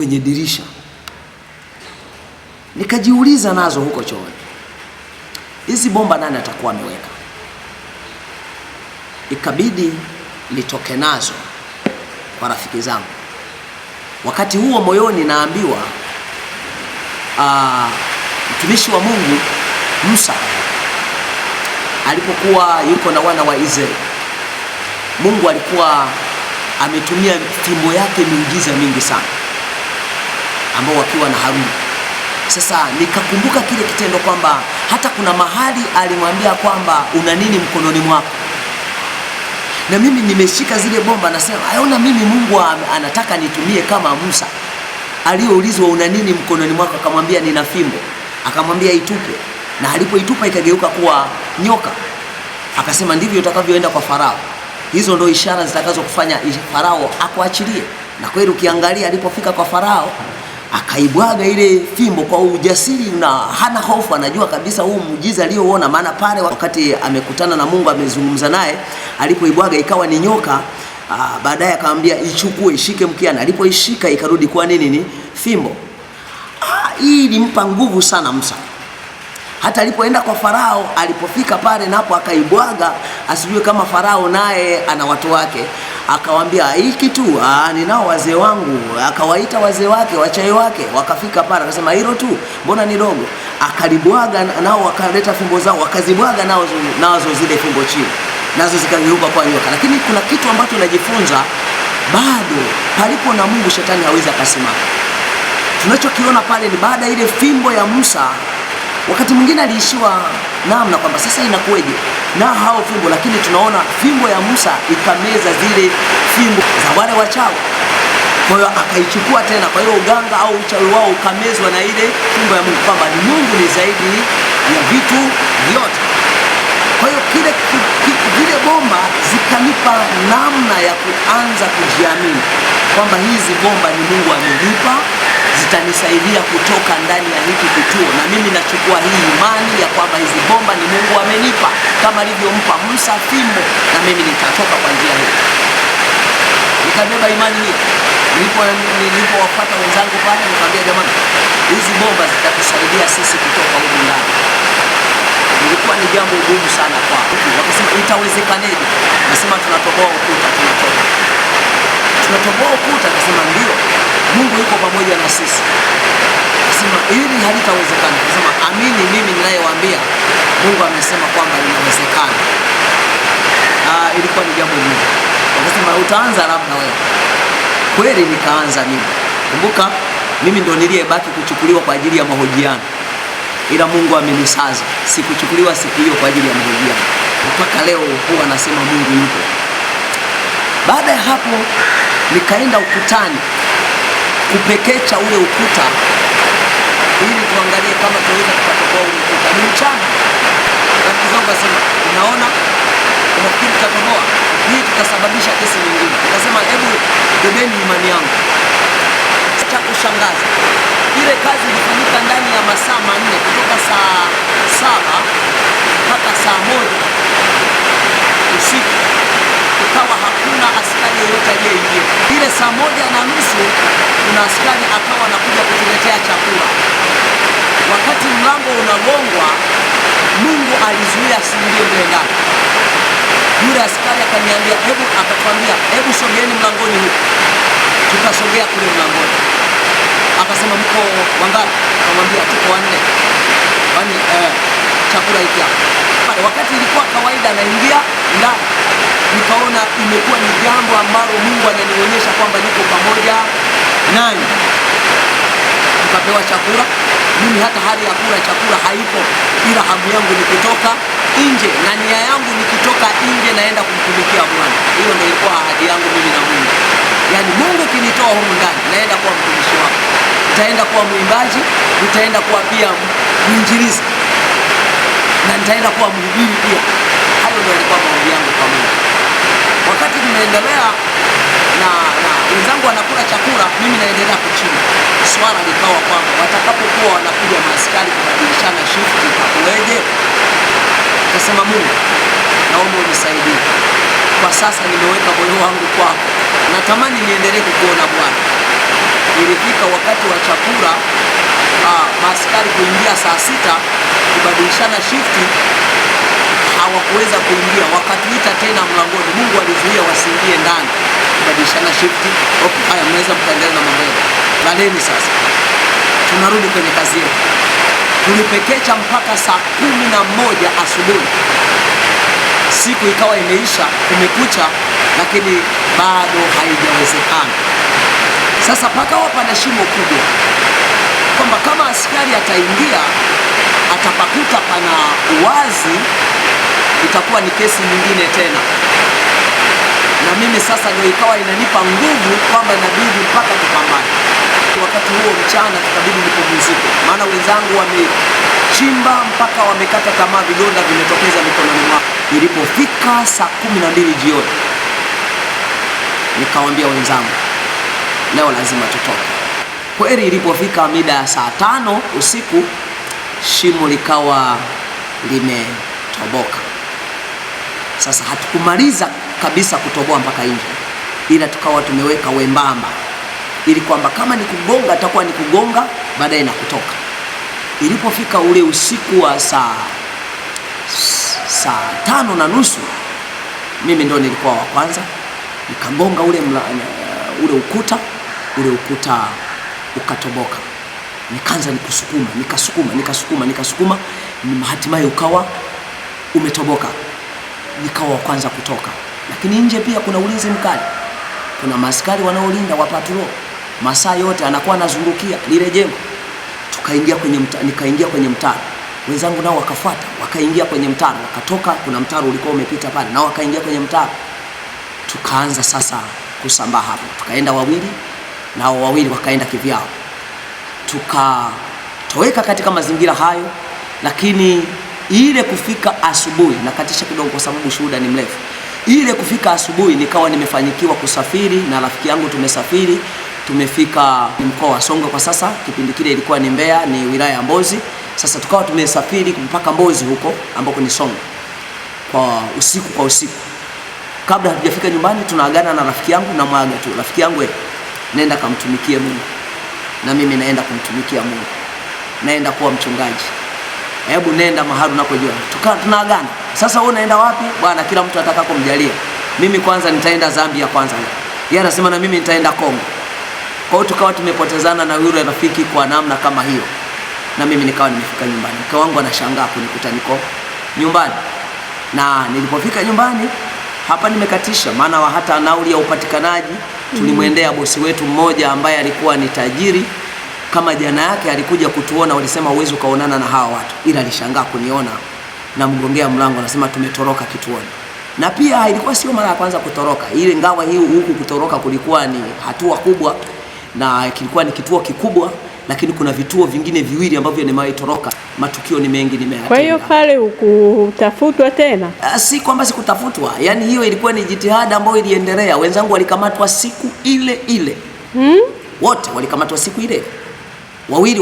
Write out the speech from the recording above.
kwenye dirisha, nikajiuliza nazo huko chooni, hizi bomba nani atakuwa ameweka? Ikabidi nitoke nazo kwa rafiki zangu. Wakati huo moyoni naambiwa, uh, mtumishi wa Mungu Musa alipokuwa yuko na wana wa Israeli, Mungu alikuwa ametumia fimbo yake miujiza mingi sana ambao wakiwa na Haruni. Sasa nikakumbuka kile kitendo kwamba hata kuna mahali alimwambia kwamba una nini mkononi mwako, na mimi nimeshika zile bomba, nasema ayona, mimi Mungu anataka nitumie kama Musa aliyoulizwa una nini mkononi mwako, akamwambia nina fimbo, akamwambia itupe, na alipoitupa ikageuka kuwa nyoka. Akasema ndivyo utakavyoenda kwa Farao, hizo ndio ishara zitakazokufanya Farao akuachilie. Na kweli ukiangalia alipofika kwa Farao akaibwaga ile fimbo kwa ujasiri na hana hofu, anajua kabisa huu muujiza aliyouona. Maana pale wakati amekutana na Mungu, amezungumza naye, alipoibwaga ikawa ni nyoka. Ah, baadaye akamwambia ichukue, ishike mkiana. Alipoishika ikarudi kuwa nini? Ni fimbo. Ah, hii ilimpa nguvu sana Musa. Hata alipoenda kwa Farao, alipofika pale napo akaibwaga, asijue kama Farao naye ana watu wake akawambia hii kitu ah, ninao wazee wangu. Akawaita wazee wake wachai wake, wakafika pale, akasema hilo tu, mbona ni dogo? Akalibwaga nao, wakaleta fimbo zao, wakazibwaga nao nazo zile fimbo chini, nazo zikageuka kwa nyoka. Lakini kuna kitu ambacho najifunza bado, palipo na Mungu shetani hawezi akasimama. Tunachokiona pale ni baada ile fimbo ya Musa, wakati mwingine aliishiwa namna kwamba sasa inakuweje na hao fimbo, lakini tunaona fimbo ya Musa ikameza zile fimbo za wale wachawi. Kwa hiyo akaichukua tena, kwa hiyo uganga au uchawi wao ukamezwa na ile fimbo ya Mungu, kwamba ni Mungu ni zaidi ya vitu vyote. Kwa hiyo kile vile bomba zikanipa namna ya kuanza kujiamini kwamba hizi bomba ni Mungu amenipa zitanisaidia kutoka ndani ya hiki kituo, na mimi nachukua hii imani ya kwamba hizi bomba ni Mungu amenipa kama alivyompa Musa fimbo, na mimi nitatoka kwa njia hii. Nikabeba imani hii nilipo nilipowapata wenzangu pale, nikamwambia jamani, hizi bomba zitatusaidia sisi kutoka huko ndani. Ilikuwa ni jambo gumu sana kwa wakasema itawezekaneje? Nasema tunatoboa ukuta, tunatoboa tunatoboa ukuta, akasema ndio Mungu yuko pamoja na sisi. Sema hili halitawezekana, sema amini mimi ninayewaambia, Mungu amesema kwamba linawezekana. Ah, ilikuwa ni jambo gumu. Wakasema utaanza labda wewe. Kweli nikaanza mimi. Kumbuka mimi ndo niliyebaki kuchukuliwa kwa ajili ya mahojiano, ila Mungu amenisaza, sikuchukuliwa siku hiyo kwa ajili ya mahojiano. Mpaka leo huwa nasema Mungu yupo. Baada ya hapo nikaenda ukutani kupekecha ule ukuta ili tuangalie kama tunaweza tukatoboa ule ukuta. Ni mchana, rafiki zangu wasema, unaona, unafikiri tutatoboa hii? Tutasababisha kesi nyingine. Nikasema hebu bebeni imani yangu. Cha kushangaza ile kazi ilifanyika ndani ya masaa manne kutoka saa saba mpaka saa moja usiku, ukawa hakuna askari yoyote aliyeingia. Ile saa moja na nusu kuna askari akawa anakuja kutuletea chakula. Wakati mlango unagongwa, Mungu alizuia siingie mle ndani. Yule askari akaniambia, hebu, akatwambia hebu sogeeni mlangoni huko. Tukasogea kule mlangoni, akasema mko wangapi? Akamwambia tuko wanne, yaani eh, chakula hiki hapa. Wakati ilikuwa kawaida naingia ndani, nikaona imekuwa ni jambo ambalo Mungu ananionyesha kwamba niko pamoja nani, tukapewa chakula. Mimi hata hali ya kula chakula haipo, ila hamu yangu ni kutoka nje na nia yangu nikitoka nje naenda kumtumikia Bwana. Hiyo ndio ilikuwa ahadi yangu mimi na Mungu, yaani Mungu kinitoa humu ndani naenda kuwa mtumishi wako, nitaenda kuwa mwimbaji, nitaenda kuwa pia mwinjilisti na nitaenda kuwa mhubiri pia. Hayo ndio yalikuwa maombi yangu kwa Mungu wakati nimeendelea na wenzangu wanakula chakula, mimi naendelea kuchimba. Swala likawa kwamba watakapokuwa wanakuja maaskari kubadilishana shift itakuweje? Kasema, Mungu naomba unisaidie, kwa sasa nimeweka moyo wangu kwako, natamani niendelee kukuona Bwana. Ilifika wakati wa chakula, maaskari kuingia saa sita kubadilishana shifti hawakuweza kuingia, wakatuita tena mlangoni. Mungu alizuia wasiingie ndani kubadilishana shift. Okay, haya mnaweza mkaendelea na mambo yenu. Laleni sasa, tunarudi kwenye kazi yetu. Tulipekecha mpaka saa kumi na moja asubuhi, siku ikawa imeisha, kumekucha, lakini bado haijawezekana. Sasa pakawa pana shimo kubwa, kwamba kama askari ataingia atapakuta pana uwazi, itakuwa ni kesi nyingine tena na mimi sasa ndio ikawa inanipa nguvu kwamba inabidi mpaka tupambane. Wakati huo mchana tukabidi nipumzike, maana wenzangu wamechimba mpaka wamekata tamaa, vidonda vimetokeza mikononi mwao. Ilipofika saa kumi na mbili jioni nikawambia wenzangu, leo lazima tutoke. Kweli ilipofika mida ya saa tano usiku shimo likawa limetoboka. Sasa hatukumaliza kabisa kutoboa mpaka nje, ila tukawa tumeweka wembamba, ili kwamba kama ni kugonga atakuwa ni kugonga baadaye na kutoka. Ilipofika ule usiku wa saa saa tano na nusu mimi ndo nilikuwa wa kwanza nikagonga ule, mla, ule ukuta ule ukuta ukatoboka, nikaanza nikusukuma nikasukuma nikasukuma nikasukuma, hatimaye ukawa umetoboka nikawa wa kwanza kutoka, lakini nje pia kuna ulinzi mkali, kuna maskari wanaolinda wa patrol masaa yote, anakuwa anazungukia lile jengo. Tukaingia kwenye mta, nikaingia kwenye mtaro, wenzangu nao wakafuata, wakaingia kwenye mtaro, wakatoka. Kuna mtaro ulikuwa umepita pale, nao wakaingia kwenye mtaro. Tukaanza sasa kusambaa hapo, tukaenda wawili nao wawili wakaenda kivyao, tukatoweka katika mazingira hayo, lakini ile kufika asubuhi, nakatisha kidogo kwa sababu shuhuda ni mrefu. Ile kufika asubuhi nikawa nimefanyikiwa kusafiri na rafiki yangu, tumesafiri tumefika mkoa wa Songwe. Kwa sasa kipindi kile ilikuwa ni Mbeya, ni wilaya ya Mbozi. Sasa tukawa tumesafiri mpaka Mbozi huko ambako ni Songwe, kwa usiku kwa usiku. Kabla hatujafika nyumbani, tunaagana na rafiki yangu, na namwaga tu rafiki yangu, eh, nenda kamtumikie Mungu na mimi naenda kumtumikia Mungu, naenda kuwa mchungaji hebu nenda mahali unakojua. Tukawa tunaagana. Sasa wewe unaenda wapi? Bwana kila mtu anataka kumjalia. Mimi kwanza nitaenda Zambia kwanza. Yeye anasema na mimi nitaenda Kongo. Kwa hiyo tukawa tumepotezana na yule rafiki kwa namna kama hiyo. Na mimi nikawa nimefika nyumbani. Mke wangu anashangaa kunikuta niko nyumbani. Na nilipofika nyumbani hapa nimekatisha, maana hata nauli ya upatikanaji tulimwendea mm. bosi wetu mmoja ambaye alikuwa ni tajiri kama jana yake alikuja kutuona, walisema uwezi ukaonana na hawa watu, ila alishangaa kuniona na mgongea mlango, anasema tumetoroka kituoni. Na pia ilikuwa sio mara ya kwanza kutoroka ile, ngawa hii huku kutoroka kulikuwa ni hatua kubwa, na kilikuwa ni kituo kikubwa lakini kuna vituo vingine viwili ambavyo nimewahi toroka. Matukio ni mengi nimeyatenga. Kwa hiyo pale ukutafutwa tena? Ah, si kwamba sikutafutwa, yani hiyo ilikuwa ni jitihada ambayo iliendelea. Wenzangu walikamatwa siku ile ile hmm? wote walikamatwa siku ile what we do